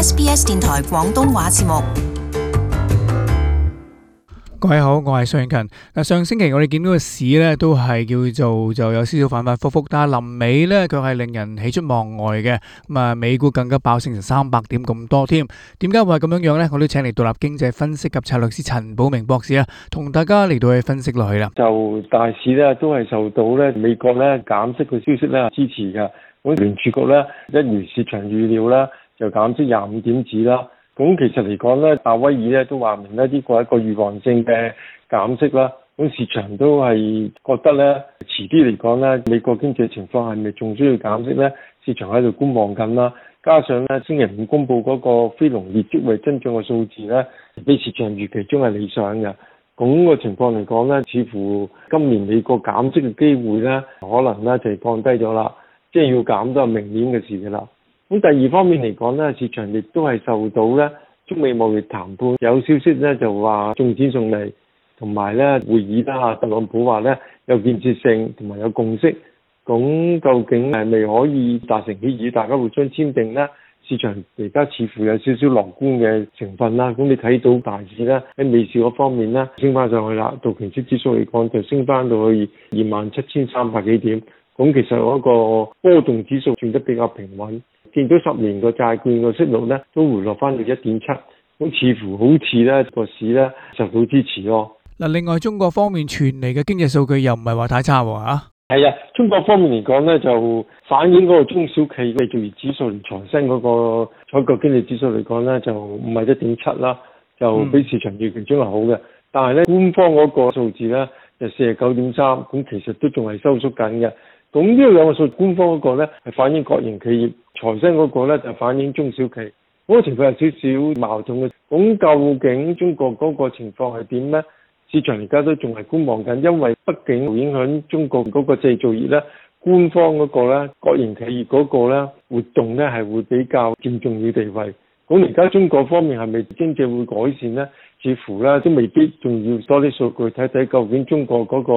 SBS 電台廣東話節目，各位好，我係蘇永勤。嗱，上星期我哋見到個市咧，都係叫做就有少少反反復復，但係臨尾咧，卻係令人喜出望外嘅。咁啊，美股更加爆升成三百點咁多添。點解會係咁樣樣咧？我都請嚟獨立經濟分析及策略師陳寶明博士啊，同大家嚟到去分析落去啦。就大市咧，都係受到咧美國咧減息嘅消息咧支持噶。我聯儲局咧一如市場預料啦。又減息廿五點子啦，咁其實嚟講咧，大威爾咧都話明咧呢個係一個預防性嘅減息啦，咁市場都係覺得咧遲啲嚟講咧美國經濟情況係咪仲需要減息咧？市場喺度觀望緊啦，加上咧星期五公佈嗰個非農業職位增長嘅數字咧，比市場預期中係理想嘅，咁個情況嚟講咧，似乎今年美國減息嘅機會咧可能咧就放低咗啦，即係要減到明年嘅事嘅啦。咁第二方面嚟講咧，市場亦都係受到咧中美貿易談判有消息咧，就話送錢送嚟，同埋咧會議啦。特朗普話咧有建設性同埋有，有共識，咁究竟係咪可以達成協議，以大家互相簽訂咧？市場而家似乎有少少樂觀嘅成分啦。咁你睇到大市咧喺美市嗰方面咧升翻上去啦，道瓊斯指數嚟講就升翻到去二萬七千三百幾點。咁其實嗰個波動指數轉得比較平穩。見到十年個債券個息率咧，都回落翻到一點七，咁似乎好似咧個市咧就好支持咯。嗱，另外中國方面傳嚟嘅經濟數據又唔係話太差喎嚇。係啊，中國方面嚟講咧，就反映嗰個中小企嘅就業指數連財新嗰個採購經濟指數嚟講咧，就唔係一點七啦，就比市場預期中係好嘅。嗯、但係咧官方嗰個數字咧就四十九點三，咁其實都仲係收縮緊嘅。咁呢兩個數，官方嗰個呢，係反映國營企業，財新嗰個呢，就反映中小企嗰個情況有少少矛盾嘅。咁究竟中國嗰個情況係點呢？市場而家都仲係觀望緊，因為畢竟影響中國嗰個製造業呢，官方嗰個呢，國營企業嗰個呢活動呢，係會比較佔重要地位。咁而家中國方面係咪經濟會改善呢？似乎呢都未必，仲要多啲數據睇睇究竟中國嗰個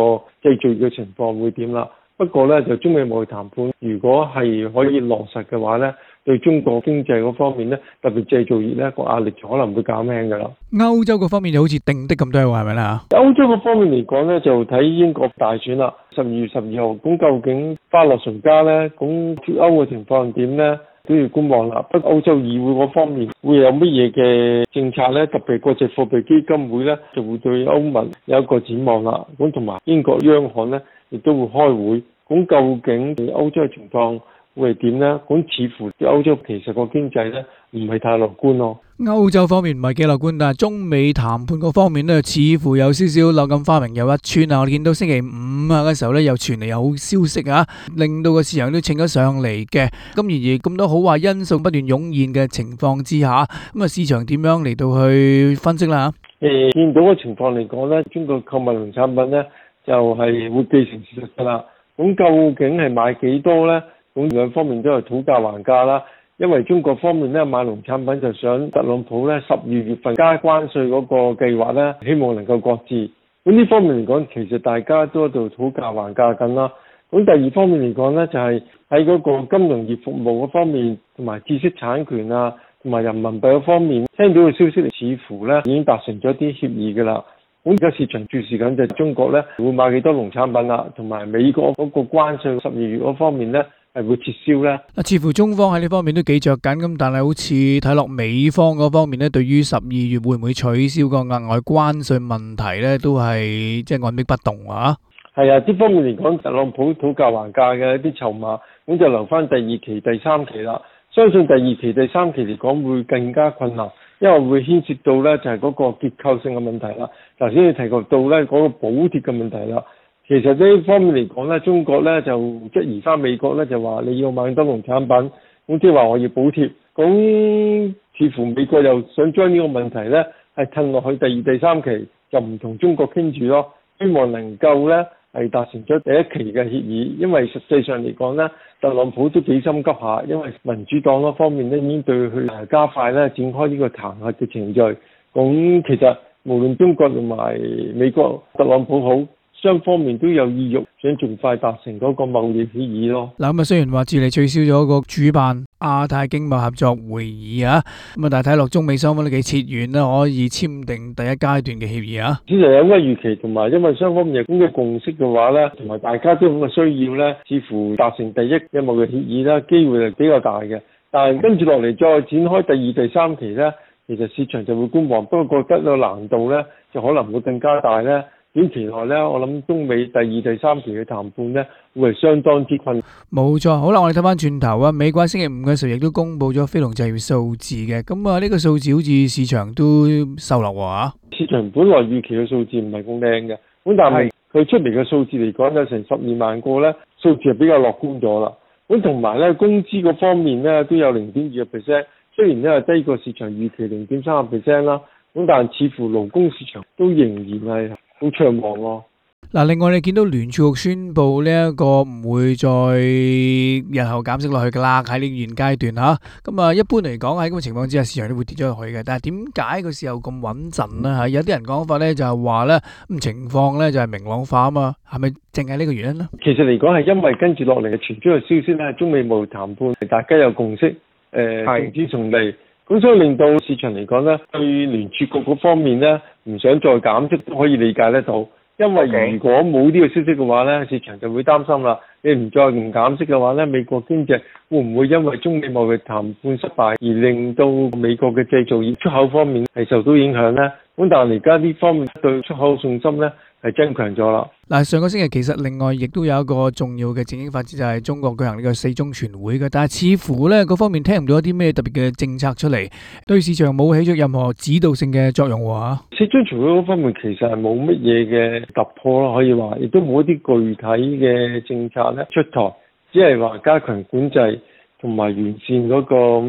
製造業嘅情況會點啦。不過咧就中美貿易談判，如果係可以落實嘅話咧，對中國經濟嗰方面咧，特別製造業咧個壓力就可能會減輕噶啦。歐洲嗰方面就好似定得咁多嘢，係咪啦？歐洲嗰方面嚟講咧，就睇英國大選啦，十二月十二號。咁究竟花落誰家咧？咁脫歐嘅情況點咧都要觀望啦。不過歐洲議會嗰方面會有乜嘢嘅政策咧？特別國際貨幣基金會咧，就會對歐盟有一個展望啦。咁同埋英國央行咧。亦都會開會，咁究竟歐洲嘅情況會係點咧？咁似乎歐洲其實個經濟咧唔係太樂觀咯。歐洲方面唔係幾樂觀，但係中美談判個方面咧，似乎有少少柳暗花明又一村啊！我見到星期五啊嘅時候咧，又傳嚟有好消息啊，令到個市場都蹭咗上嚟嘅。咁然而咁多好壞因素不斷湧現嘅情況之下，咁啊市場點樣嚟到去分析啦？誒，見到嘅情況嚟講咧，中國購物農產品咧。就係會繼承事實噶啦。咁究竟係買幾多呢？咁兩方面都係討價還價啦。因為中國方面咧買農產品就想特朗普咧十二月份加關稅嗰個計劃咧，希望能夠擱置。咁呢方面嚟講，其實大家都喺度討價還價緊啦。咁第二方面嚟講呢，就係喺嗰個金融業服務嗰方面，同埋知識產權啊，同埋人民幣嗰方面，聽到嘅消息似乎咧已經達成咗啲協議噶啦。咁而家市場注視緊就係中國咧會買幾多農產品啦，啊，同埋美國嗰個關稅十二月嗰方面咧係會撤銷咧。啊，似乎中方喺呢方面都幾着緊咁，但係好似睇落美方嗰方面咧，對於十二月會唔會取消個額外關稅問題咧，都係即係按兵不動啊？係啊，呢啲方面嚟講，特朗普討價還價嘅一啲籌碼，咁就留翻第二期、第三期啦。相信第二期、第三期嚟講會更加困難，因為會牽涉到呢就係嗰個結構性嘅問題啦。頭先你提及到呢嗰個補貼嘅問題啦，其實呢方面嚟講呢，中國呢就質疑返美國呢，就話你要買多農產品，咁即係話我要補貼。咁似乎美國又想將呢個問題呢係褪落去第二、第三期，就唔同中國傾住咯，希望能夠呢，係達成咗第一期嘅協議，因為實際上嚟講咧，特朗普都幾心急下，因為民主黨方面咧，已經對佢加快咧，展開呢個彈劾嘅程序。咁其實無論中國同埋美國，特朗普好。雙方面都有意欲，想盡快達成嗰個貿易協議咯。嗱，咁啊，雖然話智利取消咗個主辦亞太經貿合作會議啊，咁啊，但係睇落中美雙方都幾切願啦，可以簽訂第一階段嘅協議啊。事實有因預期同埋，因為雙方亦都嘅共識嘅話咧，同埋大家都咁嘅需要咧，似乎達成第一嘅貿易協議咧，機會係比較大嘅。但係跟住落嚟再展開第二、第三期咧，其實市場就會觀望，不過覺得個難度咧，就可能會更加大咧。短期內咧，我諗中美第二、第三期嘅談判咧，會係相當之困難。冇錯，好啦，我哋睇翻轉頭啊。美國星期五嘅時候亦都公布咗非農就業數字嘅，咁啊，呢個數字好似市場都受落喎。市場本來預期嘅數字唔係咁靚嘅，咁但係佢出嚟嘅數字嚟講，有成十二萬個咧，數字係比較樂觀咗啦。咁同埋咧，工資嗰方面咧都有零點二個 percent，雖然因為低過市場預期零點三個 percent 啦，咁但係似乎勞工市場都仍然係。好猖狂咯！嗱，另外你見到聯儲局宣布呢一個唔會再日後減息落去㗎啦，喺呢個現階段嚇。咁啊，一般嚟講喺咁嘅情況之下，市場都會跌咗落去嘅。但係點解個市又咁穩陣呢？嚇，有啲人講法咧就係話咧，咁情況咧就係明朗化啊嘛。係咪淨係呢個原因咧？其實嚟講係因為跟住落嚟嘅傳出嘅消息咧，中美無談判，大家有共識，誒停止從零。咁所以令到市場嚟講咧，對聯儲局嗰方面咧，唔想再減息都可以理解得到。因為如果冇呢個消息嘅話咧，市場就會擔心啦。你唔再唔減息嘅話咧，美國經濟會唔會因為中美貿易談判失敗而令到美國嘅製造業出口方面係受到影響咧？咁但係而家呢方面對出口信心咧係增強咗啦。嗱，上個星期其實另外亦都有一個重要嘅政經發展，就係中國舉行呢個四中全會嘅。但係似乎咧，嗰方面聽唔到一啲咩特別嘅政策出嚟，對市場冇起咗任何指導性嘅作用喎。四中全會嗰方面其實係冇乜嘢嘅突破咯，可以話，亦都冇一啲具體嘅政策咧出台，只係話加強管制同埋完善嗰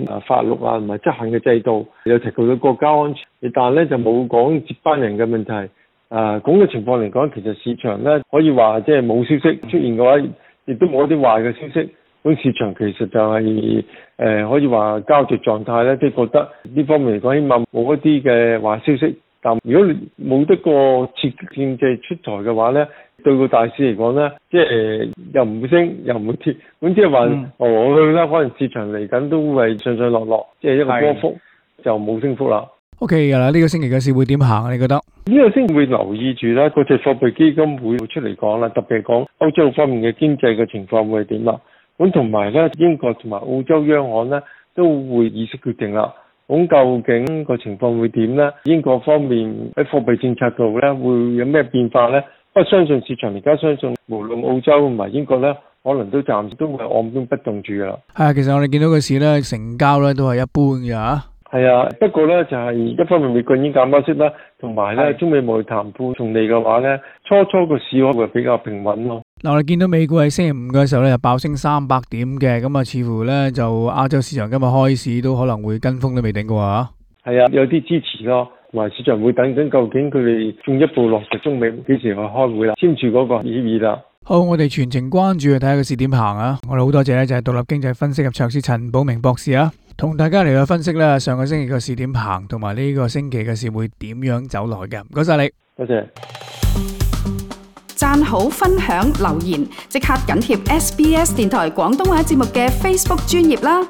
個法律啊同埋執行嘅制度，又提及咗國家安全。但係咧就冇講接班人嘅問題，啊咁嘅情況嚟講，其實市場咧可以話即係冇消息出現嘅話，亦都冇一啲壞嘅消息。咁市場其實就係誒可以話交接狀態咧，即係覺得呢方面嚟講，起碼冇一啲嘅壞消息。但如果冇得過刺激嘅出台嘅話咧，對個大市嚟講咧，即係誒又唔會升又唔會跌。咁即係話，我我覺得可能市場嚟緊都係上上落落，即係一個波幅就冇升幅啦。OK，嗱、啊，呢、這個星期嘅市會點行啊？你覺得呢、這個星期會留意住咧，嗰隻貨幣基金會出嚟講啦，特別係講歐洲方面嘅經濟嘅情況會係點啦。咁同埋咧，英國同埋澳洲央行咧都會議息決定啦。咁究竟個情況會點咧？英國方面喺貨幣政策度咧會有咩變化咧？不過相信市場而家相信，無論澳洲同埋英國咧，可能都暫時都會按兵不動住噶啦。係啊，其實我哋見到個市咧，成交咧都係一般嘅係啊，不過咧就係、是、一方面，美國已經減咗息啦，同埋咧中美貿易談判從嚟嘅話咧，初初個市可能比較平穩咯。我哋見到美股喺星期五嘅時候咧就爆升三百點嘅，咁啊似乎咧就亞洲市場今日開市都可能會跟風都未定嘅喎，係啊，有啲支持咯，同埋市場會等緊究竟佢哋進一步落實中美幾時去開會啦，簽署嗰個協議啦。好，我哋全程關注去睇下個市點行啊！我哋好多謝咧，就係、是、獨立經濟分析及卓師陳寶明博士啊。同大家嚟個分析啦。上個星期個市點行，同埋呢個星期嘅市點會點樣走來嘅？唔該晒你，多謝讚好分享留言，即刻緊貼 SBS 電台廣東話節目嘅 Facebook 專頁啦。